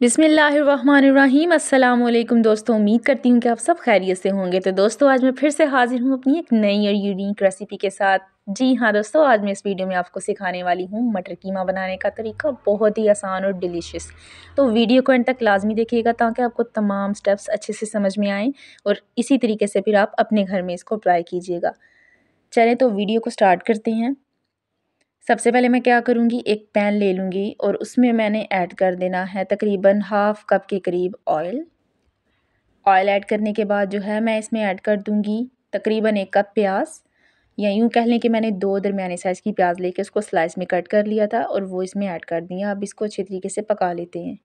बिसमीम् अल्लाम दोस्तों उम्मीद करती हूँ कि आप सब खैरियत से होंगे तो दोस्तों आज मैं फिर से हाज़िर हूँ अपनी एक नई और यूनिक रेसिपी के साथ जी हाँ दोस्तों आज मैं इस वीडियो में आपको सिखाने वाली हूँ मटर कीमा बनाने का तरीका बहुत ही आसान और डिलीशियस तो वीडियो को एंड तक लाजमी देखिएगा ताकि आपको तमाम स्टेप्स अच्छे से समझ में आएँ और इसी तरीके से फिर आप अपने घर में इसको ट्राई कीजिएगा चलें तो वीडियो को स्टार्ट करते हैं सबसे पहले मैं क्या करूँगी एक पैन ले लूँगी और उसमें मैंने ऐड कर देना है तकरीबन हाफ़ कप के करीब ऑयल ऑयल ऐड करने के बाद जो है मैं इसमें ऐड कर दूँगी तकरीबन एक कप प्याज या यूँ कह लें कि मैंने दो दरमियाने साइज़ की प्याज लेके उसको स्लाइस में कट कर लिया था और वो इसमें ऐड कर दिया अब इसको अच्छे तरीके से पका लेते हैं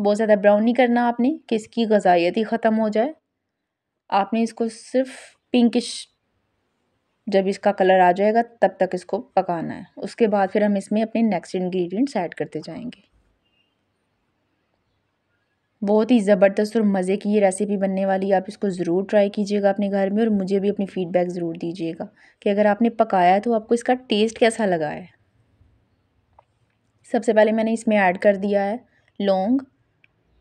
बहुत ज़्यादा ब्राउन नहीं करना आपने कि इसकी गजाइत ही ख़त्म हो जाए आपने इसको सिर्फ पिंकिश जब इसका कलर आ जाएगा तब तक इसको पकाना है उसके बाद फिर हम इसमें अपने नेक्स्ट इंग्रेडिएंट्स ऐड करते जाएंगे बहुत ही ज़बरदस्त और मज़े की ये रेसिपी बनने वाली है आप इसको ज़रूर ट्राई कीजिएगा अपने घर में और मुझे भी अपनी फ़ीडबैक ज़रूर दीजिएगा कि अगर आपने पकाया है तो आपको इसका टेस्ट कैसा लगा है सबसे पहले मैंने इसमें ऐड कर दिया है लौंग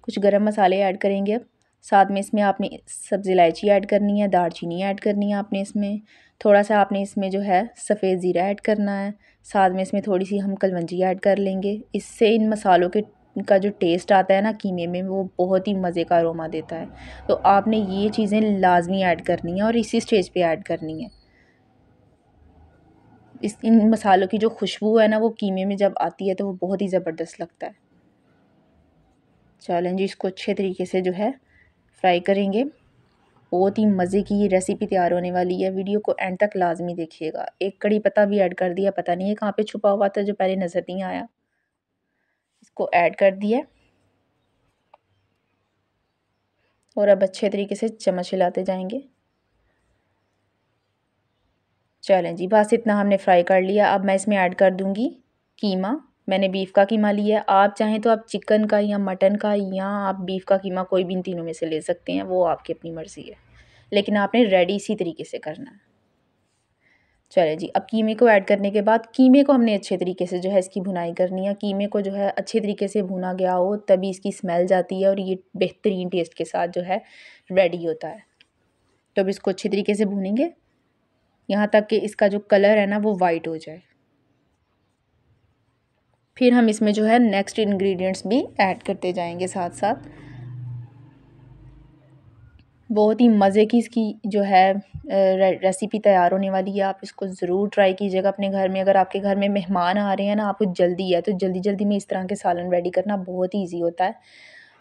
कुछ गरम मसाले ऐड करेंगे अब साथ में इसमें आपने सब्ज़ी इलायची ऐड करनी है दालचीनी ऐड करनी है आपने इसमें थोड़ा सा आपने इसमें जो है सफ़ेद ज़ीरा ऐड करना है साथ में इसमें थोड़ी सी हम कलवंजी ऐड कर लेंगे इससे इन मसालों के का जो टेस्ट आता है ना कीमे में वो बहुत ही मज़े का अरोमा देता है तो आपने ये चीज़ें लाजमी ऐड करनी है और इसी स्टेज पे ऐड करनी है इस इन मसालों की जो खुशबू है ना वो कीमे में जब आती है तो वो बहुत ही ज़बरदस्त लगता है चलें जी इसको अच्छे तरीके से जो है फ्राई करेंगे बहुत ही मज़े की ये रेसिपी तैयार होने वाली है वीडियो को एंड तक लाजमी देखिएगा एक कड़ी पत्ता भी ऐड कर दिया पता नहीं है कहाँ पे छुपा हुआ था जो पहले नज़र नहीं आया इसको ऐड कर दिया और अब अच्छे तरीके से चम्मच हिलाते जाएंगे चलें जी बस इतना हमने फ्राई कर लिया अब मैं इसमें ऐड कर दूँगी कीमा मैंने बीफ का कीमा लिया है आप चाहें तो आप चिकन का या मटन का या आप बीफ का कीमा कोई भी इन तीनों में से ले सकते हैं वो आपकी अपनी मर्ज़ी है लेकिन आपने रेडी इसी तरीके से करना है चले जी अब कीमे को ऐड करने के बाद कीमे को हमने अच्छे तरीके से जो है इसकी भुनाई करनी है कीमे को जो है अच्छे तरीके से भुना गया हो तभी इसकी स्मेल जाती है और ये बेहतरीन टेस्ट के साथ जो है रेडी होता है तो अब इसको अच्छे तरीके से भूनेंगे यहाँ तक कि इसका जो कलर है ना वो वाइट हो जाए फिर हम इसमें जो है नेक्स्ट इन्ग्रीडियंट्स भी ऐड करते जाएंगे साथ साथ बहुत ही मज़े की इसकी जो है रेसिपी तैयार होने वाली है आप इसको ज़रूर ट्राई कीजिएगा अपने घर में अगर आपके घर में मेहमान आ रहे हैं ना आपको जल्दी है तो जल्दी जल्दी में इस तरह के सालन रेडी करना बहुत ही ईजी होता है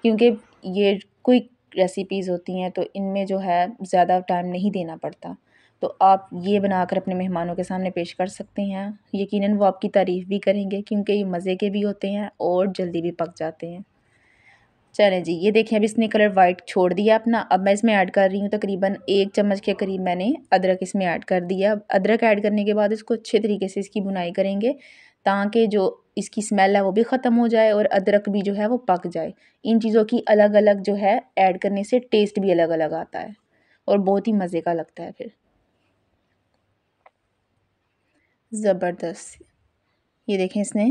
क्योंकि ये क्विक रेसिपीज़ होती हैं तो इनमें जो है ज़्यादा टाइम नहीं देना पड़ता तो आप ये बनाकर अपने मेहमानों के सामने पेश कर सकते हैं यकीनन वो आपकी तारीफ़ भी करेंगे क्योंकि ये मज़े के भी होते हैं और जल्दी भी पक जाते हैं चलें जी ये देखें अब इसने कलर वाइट छोड़ दिया अपना अब मैं इसमें ऐड कर रही हूँ तकरीबन एक चम्मच के करीब मैंने अदरक इसमें ऐड कर दिया अब अदरक ऐड करने के बाद इसको अच्छे तरीके से इसकी बुनाई करेंगे ताकि जो इसकी स्मेल है वो भी ख़त्म हो जाए और अदरक भी जो है वो पक जाए इन चीज़ों की अलग अलग जो है ऐड करने से टेस्ट भी अलग अलग आता है और बहुत ही मज़े का लगता है फिर ज़बरदस्त ये देखें इसने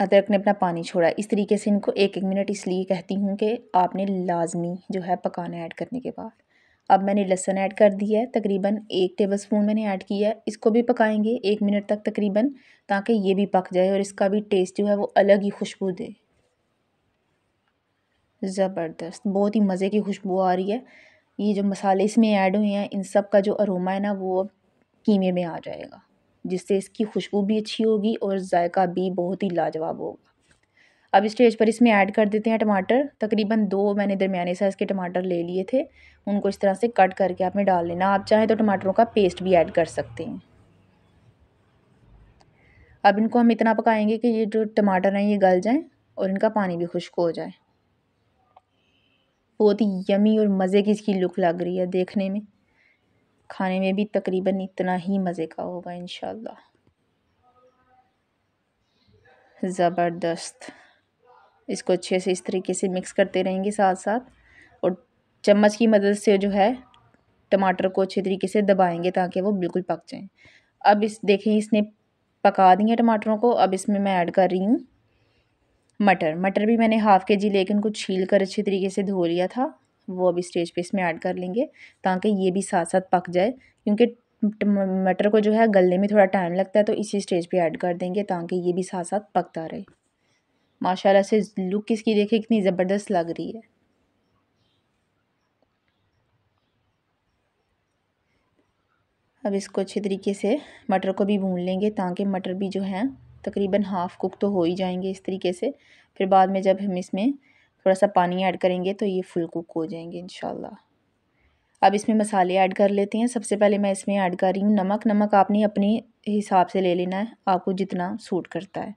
अदरक ने अपना पानी छोड़ा इस तरीके से इनको एक एक मिनट इसलिए कहती हूँ कि आपने लाजमी जो है पकाना ऐड करने के बाद अब मैंने लहसन ऐड कर दिया है तकरीबन एक टेबल स्पून मैंने ऐड किया है इसको भी पकाएंगे एक मिनट तक तकरीबन ताकि ये भी पक जाए और इसका भी टेस्ट जो है वो अलग ही खुशबू दे ज़बरदस्त बहुत ही मज़े की खुशबू आ रही है ये जो मसाले इसमें ऐड हुए हैं इन सब का जो अरोमा है ना वो कीमे में आ जाएगा जिससे इसकी खुशबू भी अच्छी होगी और जायका भी बहुत ही लाजवाब होगा अब स्टेज पर इसमें ऐड कर देते हैं टमाटर तकरीबन दो मैंने दरमिया साइज़ के टमाटर ले लिए थे उनको इस तरह से कट करके आप में डाल लेना आप चाहें तो टमाटरों का पेस्ट भी ऐड कर सकते हैं अब इनको हम इतना पकाएंगे कि ये जो टमाटर हैं ये गल जाएं और इनका पानी भी खुश्क हो जाए बहुत ही यमी और मज़े की इसकी लुक लग रही है देखने में खाने में भी तकरीबन इतना ही मज़े का होगा इन ज़बरदस्त इसको अच्छे से इस तरीके से मिक्स करते रहेंगे साथ साथ और चम्मच की मदद से जो है टमाटर को अच्छे तरीके से दबाएंगे ताकि वो बिल्कुल पक जाएं अब इस देखें इसने पका दिए टमाटरों को अब इसमें मैं ऐड कर रही हूँ मटर मटर भी मैंने हाफ़ के जी लेकिन कुछ छील कर अच्छे तरीके से धो लिया था वो अभी स्टेज पे इसमें ऐड कर लेंगे ताकि ये भी साथ साथ पक जाए क्योंकि मटर को जो है गलने में थोड़ा टाइम लगता है तो इसी स्टेज पे ऐड कर देंगे ताकि ये भी साथ साथ पकता रहे माशाल्लाह से लुक इसकी देखे कितनी ज़बरदस्त लग रही है अब इसको अच्छे तरीके से मटर को भी भून लेंगे ताकि मटर भी जो हैं तकरीबन हाफ़ कुक तो हो ही जाएंगे इस तरीके से फिर बाद में जब हम इसमें थोड़ा सा पानी ऐड करेंगे तो ये फुल कुक हो जाएंगे इन अब इसमें मसाले ऐड कर लेते हैं सबसे पहले मैं इसमें ऐड कर रही हूँ नमक नमक आपने अपने हिसाब से ले लेना है आपको जितना सूट करता है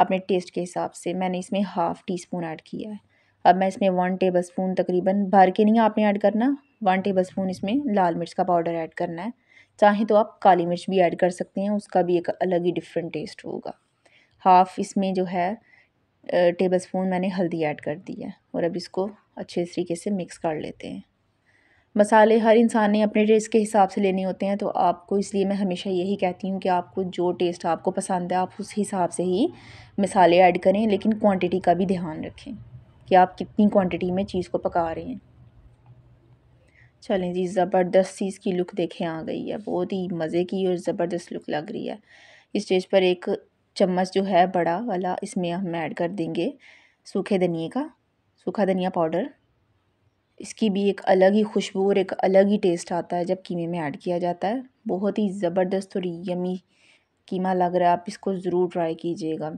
अपने टेस्ट के हिसाब से मैंने इसमें हाफ़ टी स्पून ऐड किया है अब मैं इसमें वन टेबल स्पून तकरीबन भर के नहीं आपने ऐड करना वन टेबल स्पून इसमें लाल मिर्च का पाउडर ऐड करना है चाहें तो आप काली मिर्च भी ऐड कर सकते हैं उसका भी एक अलग ही डिफरेंट टेस्ट होगा हाफ़ इसमें जो है टेबल स्पून मैंने हल्दी ऐड कर दी है और अब इसको अच्छे तरीके से मिक्स कर लेते हैं मसाले हर इंसान ने अपने टेस्ट के हिसाब से लेने होते हैं तो आपको इसलिए मैं हमेशा यही कहती हूँ कि आपको जो टेस्ट आपको पसंद है आप उस हिसाब से ही मसाले ऐड करें लेकिन क्वांटिटी का भी ध्यान रखें कि आप कितनी क्वांटिटी में चीज़ को पका रहे हैं चलें जी ज़बरदस्त चीज़ की लुक देखें आ गई है बहुत ही मज़े की और ज़बरदस्त लुक लग रही है इस स्टेज पर एक चम्मच जो है बड़ा वाला इसमें हम ऐड कर देंगे सूखे धनिए का सूखा धनिया पाउडर इसकी भी एक अलग ही खुशबू और एक अलग ही टेस्ट आता है जब कीमे में ऐड किया जाता है बहुत ही ज़बरदस्त और यमी कीमा लग रहा है आप इसको ज़रूर ट्राई कीजिएगा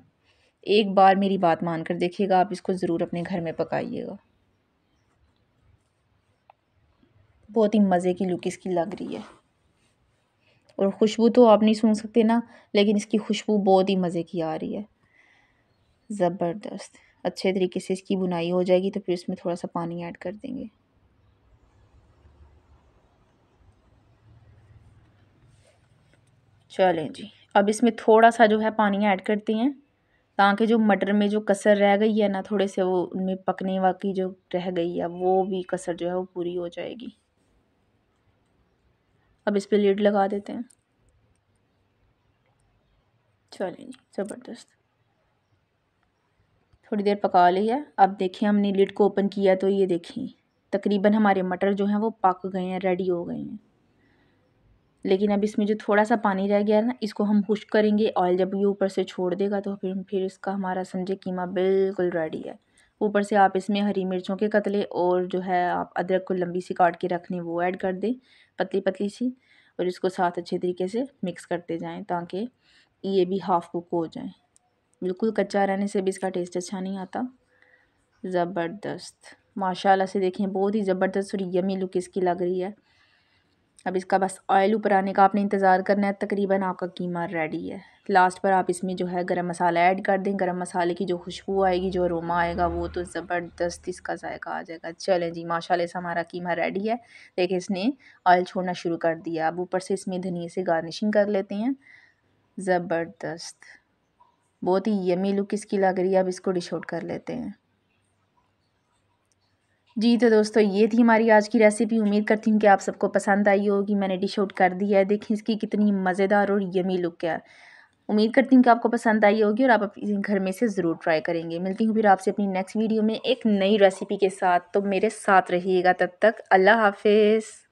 एक बार मेरी बात मान कर देखिएगा आप इसको ज़रूर अपने घर में पकाइएगा बहुत ही मज़े की लुक इसकी लग रही है और खुशबू तो आप नहीं सुन सकते ना लेकिन इसकी खुशबू बहुत ही मज़े की आ रही है ज़बरदस्त अच्छे तरीके से इसकी बुनाई हो जाएगी तो फिर इसमें थोड़ा सा पानी ऐड कर देंगे चलें जी अब इसमें थोड़ा सा जो है पानी ऐड करते हैं ताकि जो मटर में जो कसर रह गई है ना थोड़े से वो उनमें पकने वाकी जो रह गई है वो भी कसर जो है वो पूरी हो जाएगी अब इस पर लीड लगा देते हैं चलें जी ज़बरदस्त थोड़ी देर पका ली है अब देखें हमने लीड को ओपन किया तो ये देखें तकरीबन हमारे मटर जो हैं वो पक गए हैं रेडी हो गए हैं लेकिन अब इसमें जो थोड़ा सा पानी रह गया है ना इसको हम खुश करेंगे ऑयल जब ये ऊपर से छोड़ देगा तो फिर फिर इसका हमारा समझे कीमा बिल्कुल रेडी है ऊपर से आप इसमें हरी मिर्चों के कतले और जो है आप अदरक को लंबी सी काट के रखने वो ऐड कर दें पतली पतली सी और इसको साथ अच्छे तरीके से मिक्स करते जाएं ताकि ये भी हाफ़ कुक हो जाए बिल्कुल कच्चा रहने से भी इसका टेस्ट अच्छा नहीं आता ज़बरदस्त माशाल्लाह से देखें बहुत ही ज़बरदस्त और यमी लुक इसकी लग रही है अब इसका बस ऑयल ऊपर आने का आपने इंतज़ार करना है तकरीबन आपका कीमा रेडी है लास्ट पर आप इसमें जो है गरम मसाला ऐड कर दें गरम मसाले की जो खुशबू आएगी जो अरोमा आएगा वो तो ज़बरदस्त इसका जायका आ जाएगा चलें जी माशाल्लाह से हमारा कीमा रेडी है देखिए इसने ऑयल छोड़ना शुरू कर दिया अब ऊपर से इसमें धनिए से गार्निशिंग कर लेते हैं ज़बरदस्त बहुत ही यमी लुक इसकी लग रही है अब इसको डिश आउट कर लेते हैं जी तो दोस्तों ये थी हमारी आज की रेसिपी उम्मीद करती हूँ कि आप सबको पसंद आई होगी मैंने डिश आउट कर दी है देखें इसकी कितनी मज़ेदार और यमी लुक है उम्मीद करती हूँ कि आपको पसंद आई होगी और आप इस घर में से ज़रूर ट्राई करेंगे मिलती हूँ फिर आपसे अपनी नेक्स्ट वीडियो में एक नई रेसिपी के साथ तो मेरे साथ रहिएगा तब तक अल्लाह हाफिज़